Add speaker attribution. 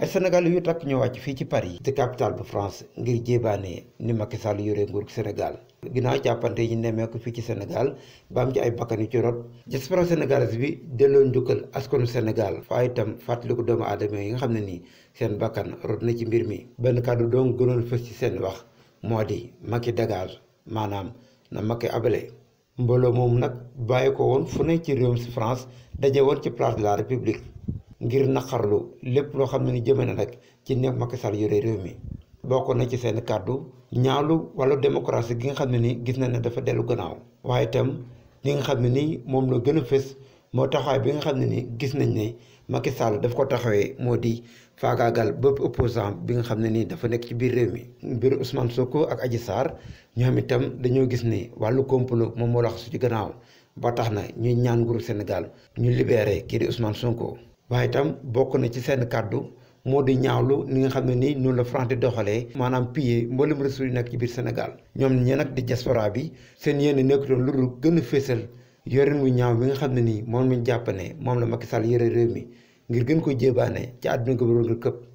Speaker 1: ay Sénégal yu takk ñoo wàcc fii ci Paris ci capitale bu France ngir jéebaane ni Macky Sall yore nguur Sénégal ginnaaw jàppante yi nemmeeku fii ci Sénégal ba ci ay bakkan yu ci rot diaspora sénégalaise bi delloo njukkal askanu Sénégal faa itam fàttaliku doomu aadama yi nga xam ne nii seen bakkan rot na ci mbir mi benn kàddu doon gënoon fës ci seen wax moo di Macky dégage maanaam na Macky abale mbooloo moom nag bàyyi ko woon fu ne ci réewum si France daje woon ci place de la République ngir naqarlu lépp loo xam ne ni jëme na rek ci nekk Macky Sall yore réew mi bokk na ci seen kàddu ñaalu wala démocratie gi nga xam ne ni gis na ne dafa dellu gannaaw waaye itam li nga xam ne ni moom la gën a fës moo taxawaay bi nga xam ne ni gis nañ ne Macky Sall daf ko taxawee moo di faagaagal bépp opposant bi nga xam ne ni dafa nekk ci biir réew mi mbiru Ousmane Sonko ak Adji Sarr ñoom itam dañoo gis ne wàllu complot moom moo lax su ci gannaaw ba tax na ñuy ñaan nguuru Sénégal ñu libeere kii di Ousmane waaye itam bokk na ci seen kàddu moo di ñaawlu ni nga xam ne ni noonu la France di doxalee maanaam piller mboolem ressources yi nekk ci biir Sénégal ñoom ñi nag di diaspora bi seen yéene nekkutoon lu dul gën a fésal yorin wu ñaaw mi nga xam ne nii moom lañ jàpp moom la Macky Sall yére réew mi ngir gën ko jébaane ci àdduna ko wërëngal këpp